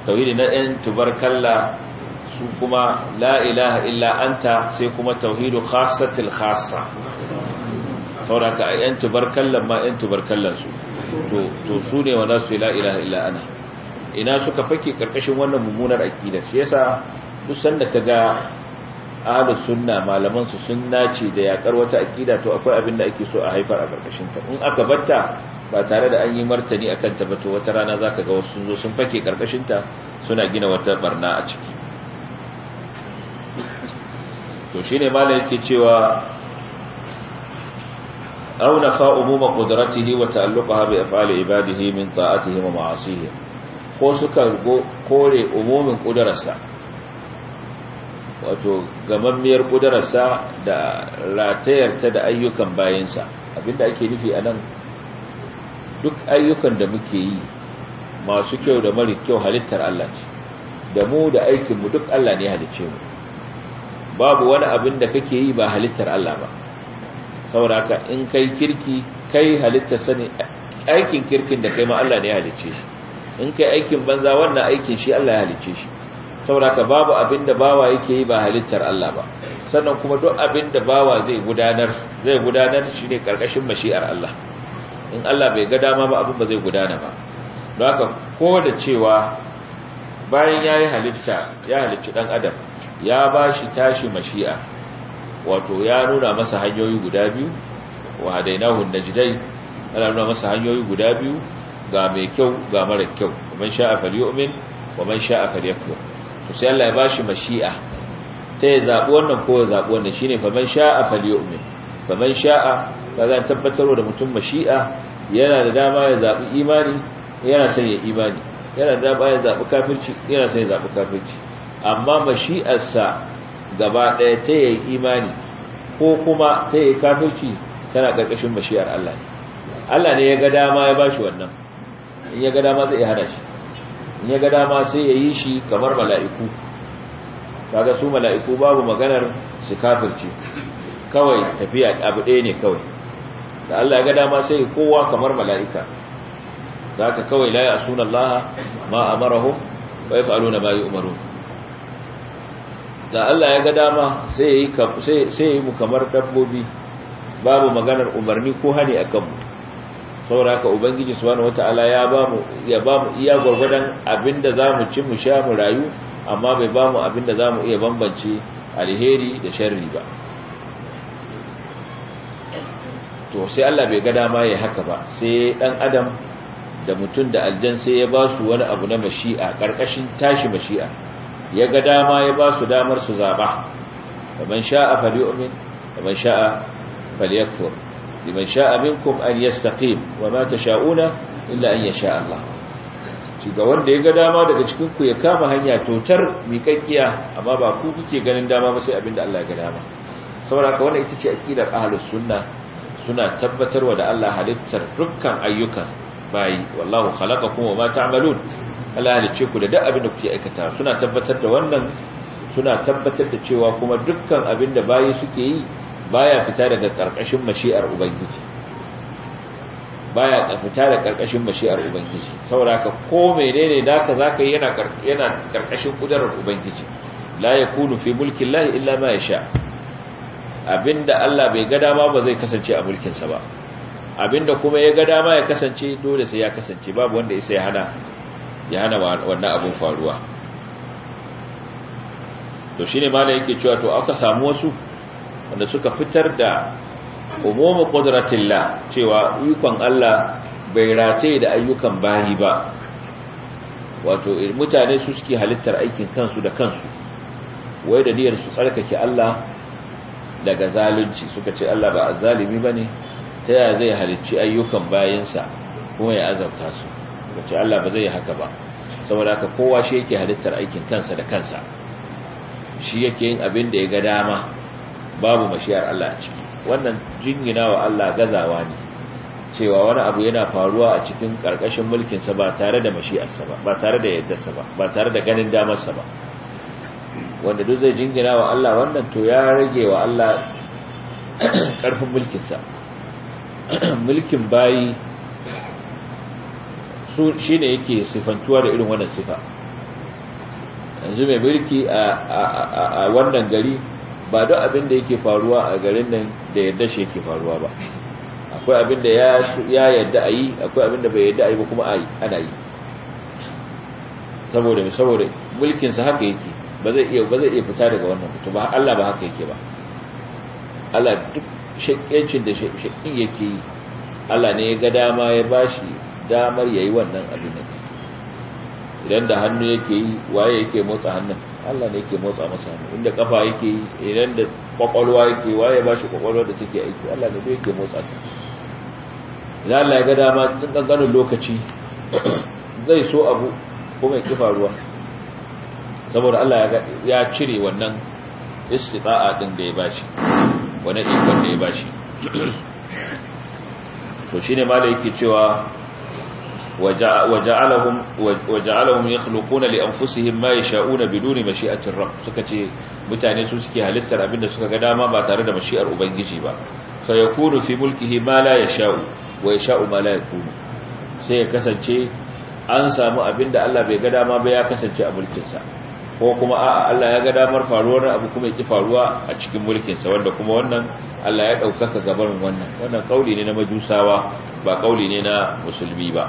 tauhidi na ɗan tubarkalla su kuma la ilaha illa anta sai kuma tauhidu khasatil khassa sauraka a ‘yan tubarkallan ma ‘yan tubarkallan su to su ne wa nasu la ilaha illa ana ina suka fake ƙarƙashin wannan mummunar akidar shi yasa duk da ka ga ahlus sunna malaman su sunna ce da yakar wata akida to akwai abin da ake so a haifar a karkashin ta in aka batta ba tare da an yi martani akan ta ba to wata rana zaka ga wasu sun zo sun fake karkashin ta suna gina wata barna a ciki to shine malai yake cewa aw nafa umuma qudratihi wa ta'alluqaha bi af'ali ibadihi min ta'atihi wa ma'asihi ko suka kore umumin kudararsa wato gamammiyar kudararsa da ratayarta da ayyukan bayansa abinda ake nufi a nan duk ayyukan da muke yi masu kyau da mara kyau halittar Allah ce da mu da aikinmu duk Allah ne halicce mu babu wani abin da kake yi ba halittar Allah ba saboda haka in kai kirki kai halittar sani aikin kirkin da kai ma Allah ne halicce shi in kai aikin banza wannan aikin shi Allah ya halicce shi saboda ka babu da bawa yake yi ba halittar Allah ba sannan kuma duk abin da bawa zai gudanar zai gudanar shine karkashin mashi'ar Allah in Allah bai ga dama ba abin ba zai gudana ba don haka ko da cewa bayan yayi halitta ya halicci dan adam ya bashi tashi mashi'a wato ya nuna masa hanyoyi guda biyu wa hadainahu najdai ana nuna masa hanyoyi guda biyu ga mai kyau ga mara kyau man sha'a yu'min wa man sha'a yakfur to sai Allah ya bashi mashi'a sai ya zabi wannan ko ya zabi wannan shine man sha'a falyu'min man sha'a kaza tabbatarwa da mutum mashi'a yana da dama ya zabi imani yana son ya imani yana da dama ya zabi kafirci yana son ya zabi kafirci amma sa gaba daya ta yi imani ko kuma ta yi kafirci tana karkashin mashi'ar Allah ne Allah ne ya ga dama ya bashi wannan in ya ga dama zai hada shi in ya ga dama sai ya yi shi kamar mala'iku kaga su mala'iku babu maganar su kafirce kawai tafiya abu ɗaya ne kawai da Allah ya ga dama sai ya kowa kamar mala'ika za ka kawai la ya sunan laha ma a marahu ba ya falo na bayi umaru da Allah ya ga dama sai ya yi mu kamar dabbobi babu maganar umarni ko hani a kanmu saboda haka ubangiji subhanahu wataala ya ba ya ba mu iya gurgurdan abinda zamu ci mu sha mu rayu amma bai ba mu abinda zamu iya bambance alheri da sharri ba to sai Allah bai ga dama yayi haka ba sai dan adam da mutum da aljan sai ya ba su wani abu na mashi'a karkashin tashi mashi'a ya ga dama ya ba su damar su zaba kaman sha'a falyu'min kaman sha'a falyakfur liman sha'a minkum an yastaqim wa ma tasha'una illa an yasha Allah Shiga ga wanda ya ga dama daga cikin ku ya kama hanya totar miƙaƙiya amma ba ku kuke ganin dama ba sai abinda Allah ya ga dama saboda haka wannan ita ce aqidar ahlus sunna suna tabbatarwa da Allah halittar dukkan ayyukan bayi wallahu khalaqakum wa ma ta'malun Allah halicce ku da duk abin kuke aikata suna tabbatar da wannan suna tabbatar da cewa kuma dukkan abinda da bayi suke yi baya fita daga karkashin mashi'ar ubangiji baya fita daga karkashin mashi'ar ubangiji saboda ko menene daka zaka yana yana karkashin kudarar ubangiji la yakunu fi mulki llahi illa ma yasha abinda Allah bai ga dama ba zai kasance a mulkin sa ba abinda kuma ya ga dama ya kasance dole sai ya kasance babu wanda sai ya hana ya hana wannan abun faruwa to shine malai yake cewa to aka samu wasu wanda suka fitar da umumu la cewa ikon Allah bai race da ayyukan bayi ba wato mutane su suke halittar aikin kansu da kansu wai da niyyar su tsarkake Allah daga zalunci suka ce Allah ba ba bane ta yaya zai halicci ayyukan bayinsa kuma ya azabta su suka ce Allah ba zai haka ba saboda haka kowa shi yake halittar aikin kansa da kansa shi yake yin abin da ya ga dama babu mashiyar Allah a ciki wannan jingina wa Allah gazawa ne cewa wani abu yana faruwa a cikin ƙarƙashin mulkinsa ba tare da mashi'arsa ba ba tare da yaddarsa ba ba tare da ganin damarsa ba wanda duk zai jingina wa Allah wannan to ya rage wa Allah ƙarfin mulkinsa mulkin bayi shi ne yake sifantuwa da irin wannan sifa yanzu mai mulki a wannan gari ba duk abin da yake faruwa a garin nan da yadda shi yake faruwa ba akwai abin da ya yadda a yi akwai abin da bai yadda a yi ba kuma ana yi saboda saboda mulkinsa haka yake ba zai iya ba zai iya fita daga wannan mutu ba Allah ba haka yake ba Allah duk shakkiyancin da shakkin yake yi Allah ne ya ga dama ya bashi damar ya yi wannan abin nan idan da hannu yake yi waye yake motsa hannun Allah ne yake motsa masa hannu inda kafa yake yi idan da kwakwalwa yake waye ba shi kwakwalwa da take aiki Allah ne yake motsa ta idan Allah ya ga dama cikin kankanin lokaci zai so abu mai kifa ruwa saboda Allah ya cire wannan istita'a din da ya bashi wani ikon da ya bashi to shine malai yake cewa وجعلهم وجعلهم يخلقون لانفسهم ما يشاءون بدون مشيئه الرب suka ce mutane su suke halittar abinda suka ga dama ba tare da mashi'ar ubangiji ba fa yakunu fi mulkihi ma la yasha'u wa yasha'u ma la yakunu sai ya kasance an samu abinda Allah bai ga dama ba ya kasance a mulkin sa ko kuma a'a Allah ya ga damar faruwar abu kuma yake faruwa a cikin mulkin sa wanda kuma wannan Allah ya daukaka gaban wannan wannan kauli ne na majusawa ba kauli ne na musulmi ba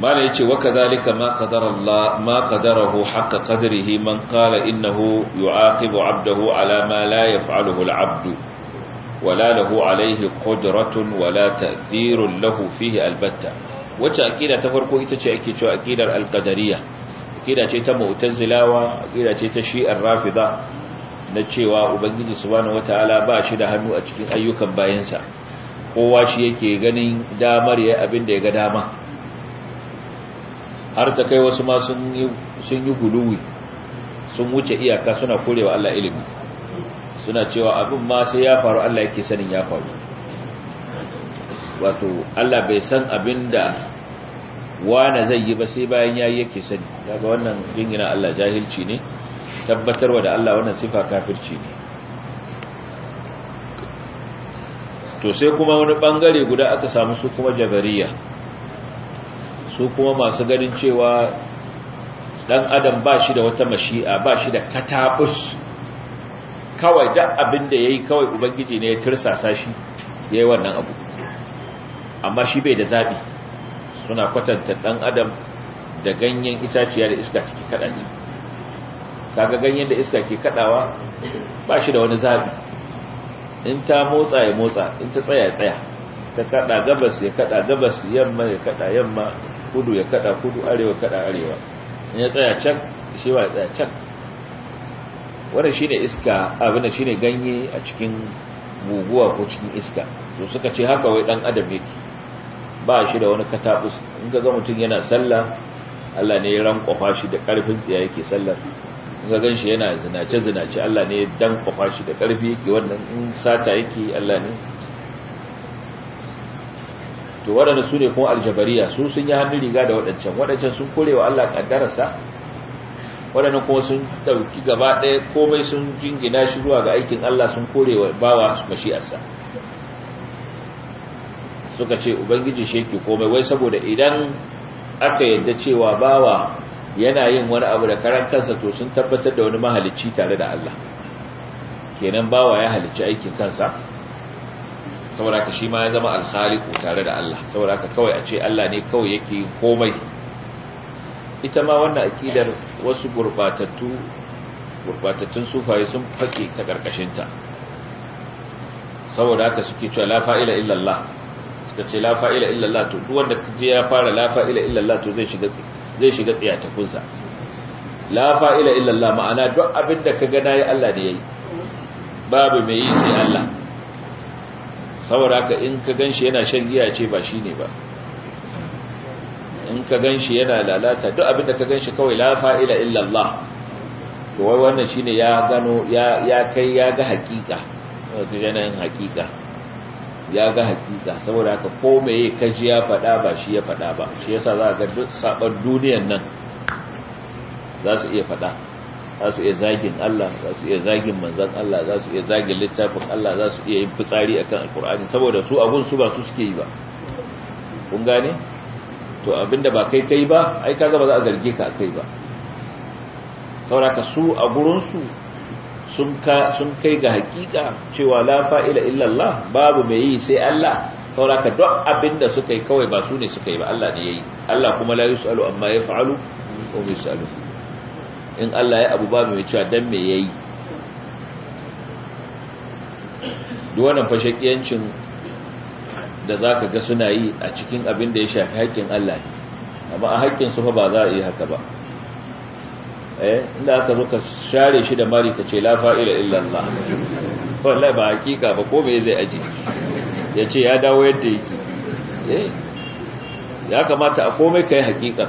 mana yace wa kadhalika ma qadara Allah ma qadarahu haqqa qadrihi man qala innahu yu'aqibu 'abdahu 'ala ma la yaf'aluhu al-'abdu wa lahu 'alayhi qudratun wala la lahu fihi albatta wacce akida ta farko ita ce ake cewa akidar alkadariya qadariyya akida ce ta mu'tazilawa akida ce ta shi'ar rafida na cewa ubangiji subhanahu wataala ba shi da hannu a cikin ayyukan bayansa kowa shi yake ganin damar ya abin da ya ga dama har ta kai wasu ma sun yi guluwi sun wuce iyaka suna korewa Allah ilimi suna cewa abin ma sai ya faru Allah yake sanin ya faru wato Allah bai san abin da wane zai yi ba sai bayan ya yi yake sani daga wannan jingina Allah jahilci ne tabbatarwa da Allah wannan sifa kafirci ne to sai kuma wani bangare guda aka samu su kuma jabariya su kuma masu ganin cewa dan adam ba shi da wata mashi'a ba shi da katabus kawai da abin da yayi kawai ubangiji ne ya tursasa shi yayi wannan abu amma shi bai da zabi suna kwatanta dan adam da ganyen itaciya da iska ciki kada kaga ganyen da iska ke kadawa ba shi da wani zabi in ta motsa ya motsa in ta tsaya ya tsaya ta kada gabas ya kada gabas yamma ya kada yamma kudu ya kada kudu arewa kada arewa in ya tsaya can shi ba ya tsaya can wannan shine iska abin da shine ganye a cikin guguwa ko cikin iska to suka ce haka wai dan adam yake ba shi da wani katabus in ga mutum yana sallah Allah ne ya rankwafa shi da karfin tsiya yake sallar in ga ganshi yana zinace zinace Allah ne ya dankwafa shi da karfi yake wannan in sata yake Allah ne to waɗanda su ne kuma aljabariya su sun yi hannun riga da waɗancan waɗancan sun korewa Allah ƙaddararsa waɗannan kuma sun ɗauki gaba ɗaya komai sun jingina shi zuwa ga aikin Allah sun korewa bawa mashi'arsa suka ce ubangiji Sheki komai wai saboda idan aka yadda cewa bawa yana yin wani abu da karan kansa to sun tabbatar da wani mahalicci tare da Allah kenan bawa ya halicci aikin kansa saboda ka shi ma ya zama alkhaliku tare da Allah saboda ka kawai a ce Allah ne kawai yake komai ita ma wannan akidar wasu gurbatattu gurbatattun sufaye sun fake ta karkashin ta saboda haka suke cewa la fa'ila illa Allah suka ce la fa'ila illa Allah to duk wanda kaje ya fara la fa'ila illa Allah to zai shiga zai shiga tsiyatakunsa la fa'ila illa Allah ma'ana duk abin da kaga nayi Allah ne yayi babu mai yi sai Allah saboda haka in ka ganshi yana shan giya ce ba shine ba in ka ganshi yana lalata duk abinda ka ganshi kawai la fa'ila illa Allah to wai wannan shine ya gano ya ya kai ya ga hakika wato yana yin hakika ya ga hakika saboda haka ko meye ji ya faɗa ba shi ya faɗa ba shi yasa za ka ga duk sabon duniyar nan za su iya faɗa za su iya zagin Allah za su iya zagin manzan Allah za su iya zagin littafin Allah za su iya yin fitsari akan alkur'ani saboda su abun su ba su suke yi ba kun gane to abinda ba kai kai ba ai kaga ba za a zarge ka kai ba sauraka su a gurin su sun ka sun kai ga hakika cewa la fa'ila illallah babu mai yi sai Allah sauraka duk abinda suka yi kawai ba su ne suka yi ba Allah ne yayi Allah kuma la yusalu amma yaf'alu wa yusalu in Allah ya abu ba mai cewa dan me yayi duk wannan fashakiyancin da zaka ga suna yi a cikin abin da ya shafi haƙƙin Allah amma a haƙƙin su fa ba za a yi haka ba eh inda aka zo ka share shi da mari ka ce la fa'ila illa Allah wallahi ba hakika ba ko me zai aje ya ce ya dawo yadda yake eh ya kamata a komai kai haƙiƙa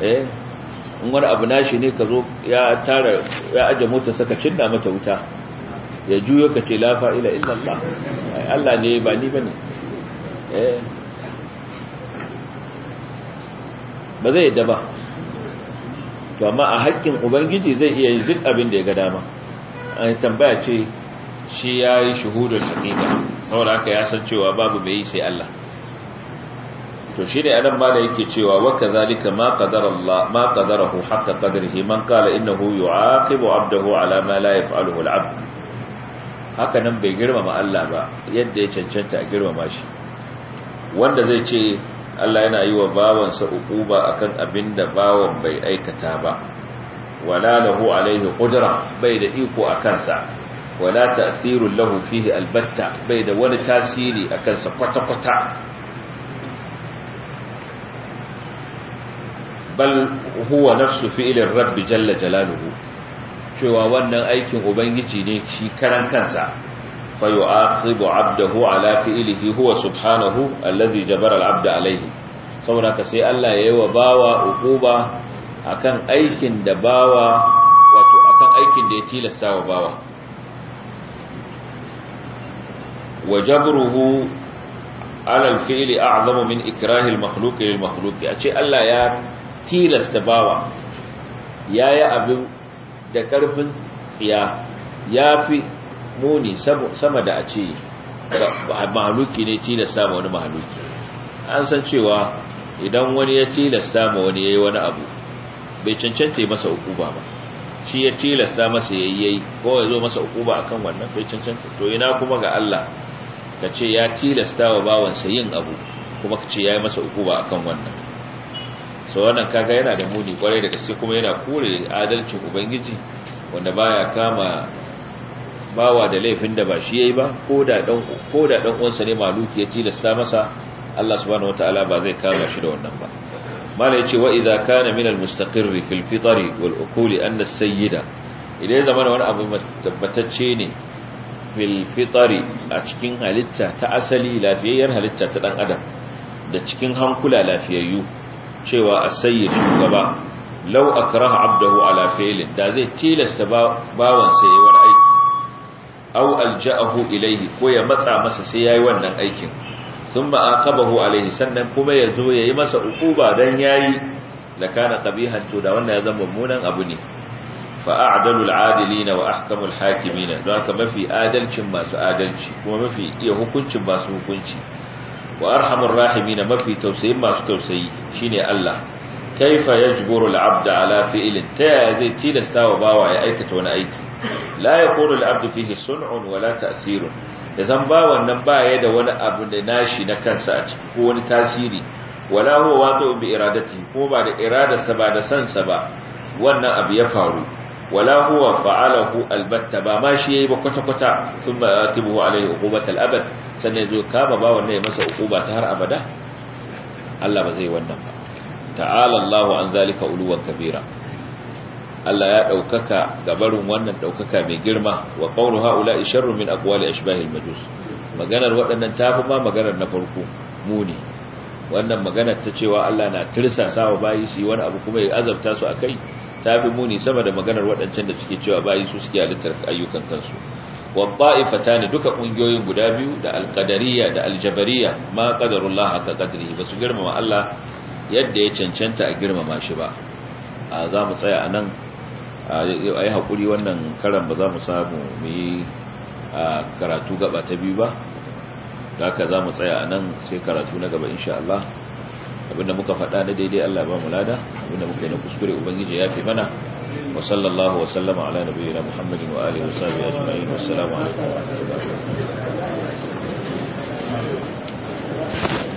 eh in wani abu nashi ne ka zo ya tara ya aje mota saka cinna mata wuta ya juyo ka ce lafa ila illa Allah Allah ne ba ni bane eh. ba zai yadda ba to amma a haƙƙin ubangiji zai iya yin duk abin da ya ga dama an tambaya ce shi yayi shuhudul haqiqa saboda haka ya san cewa babu bai sai Allah to shi ne anan ma da yake cewa wa kadhalika ma qadara Allah ma qadarahu haqqa qadrihi man qala innahu yu'aqibu 'abdahu 'ala ma la yaf'aluhu al-'abd haka nan bai girmama Allah ba yadda ya cancanta a girmama shi wanda zai ce Allah yana yi wa bawansa uquba akan abinda bawan bai aikata ba wala lahu alaihi qudra bai da iko a kansa, wala ta'thirun lahu fihi albatta bai da wani tasiri a kansa kwata-kwata bal huwa nafsu fi'ilin rabbi jalla jalaluhu cewa wannan aikin ubangiji ne shi karan kansa fa yu'aqibu 'abdahu ala fi'lihi huwa subhanahu allazi jabara al-'abda alayhi saboda ka sai Allah ya yi wa bawa uquba akan aikin da bawa wato akan aikin da ya tilasta wa bawa wa jabruhu ala al-fi'li a'zamu min ikrahi al-makhluq lil a ce Allah ya tilasta bawa ya yi abin da ƙarfin tsiya ya fi muni sama da a ce mahaluki ne tilasta ma wani mahaluki an san cewa idan wani ya tilasta ma wani ya yi wani abu bai cancanta masa hukuba ba shi ya tilasta masa ya yi ko ya zo masa hukuba akan wannan bai cancanta to ina kuma ga Allah ka ce ya tilasta wa bawansa yin abu kuma ka ce ya yi masa hukuba kan wannan so wannan kaga yana da muni kwarai da gaske kuma yana kore adalcin ubangiji wanda baya kama bawa da laifin da ba shi yayi ba ko da dan uwansa ne maluki ya tilasta masa Allah subhanahu wataala ba zai kama shi da wannan ba mala yace wa idza kana min al mustaqirri fil fitri wal uquli an as sayyida idan zamana wani abu tabbatacce ne fil fitri a cikin halitta ta asali lafiyayyar halitta ta dan adam da cikin hankula lafiyayyu cewa as-sayyid shugaba a akraha abdahu ala felin da zai tilasta bawansa ya yi wani aiki au alja'ahu ilaihi, ko ya matsa masa sai yayi wannan aikin thumma aqabahu alaihi sannan kuma ya zo ya yi masa ukuba dan yayi la kana qabihan to da wannan ya zama mummunan abu ne fa'adalul adilina wa ahkamul hakimina don haka mafi adalcin masu adalci kuma mafi iya hukuncin masu hukunci wa arhamur rahimin mafi tausayin masu tausayi shine Allah kaifa yajburu al-abd ala fi'lin ta zai tilasta wa bawa ya aikata wani aiki la yaqulu al-abd fihi sun'un wala ta'sirun da zan ba wannan baya da wani abu da nashi na kansa a ciki ko wani tasiri wala huwa waqi'u bi iradati ko ba da iradarsa ba da sansa ba wannan abu ya faru wala huwa fa'alahu albatta ba ma shi yayi ba kwata kwata thumma yatibuhu alayhi uqubat alabad sannan zo kama ba wannan ya masa hukuma ta har abada Allah ba zai wannan ba ta'ala Allah an zalika uluwan kabira Allah ya daukaka gabarin wannan daukaka mai girma wa qawlu haula sharrun min aqwali ashbahil majus maganar waɗannan tafi ma maganar na farko muni wannan maganar ta cewa Allah na tirsasawa bayi su wani abu kuma ya azabta su akai ta bi muni sama da maganar waɗancan da suke cewa bayi su suke halittar ayyukan kansu wadda'ifata ne duka ƙungiyoyin guda biyu da alqadariya da aljabariya ma qadarullah aka qadrihi ba su girmama Allah yadda ya cancanta a girmama shi ba a za mu tsaya a nan a yi haƙuri wannan karan ba za mu samu mu yi karatu gaba ta biyu ba haka za mu tsaya a nan sai karatu na gaba insha Allah abinda muka faɗa na daidai Allah ba mu lada abinda muka yi na kuskure ubangiji ya fi mana wa sallallahu wa sallama ala nabiyina muhammadin wa alihi wa sahbihi ajma'in wa assalamu alaikum wa rahmatullahi wa barakatuh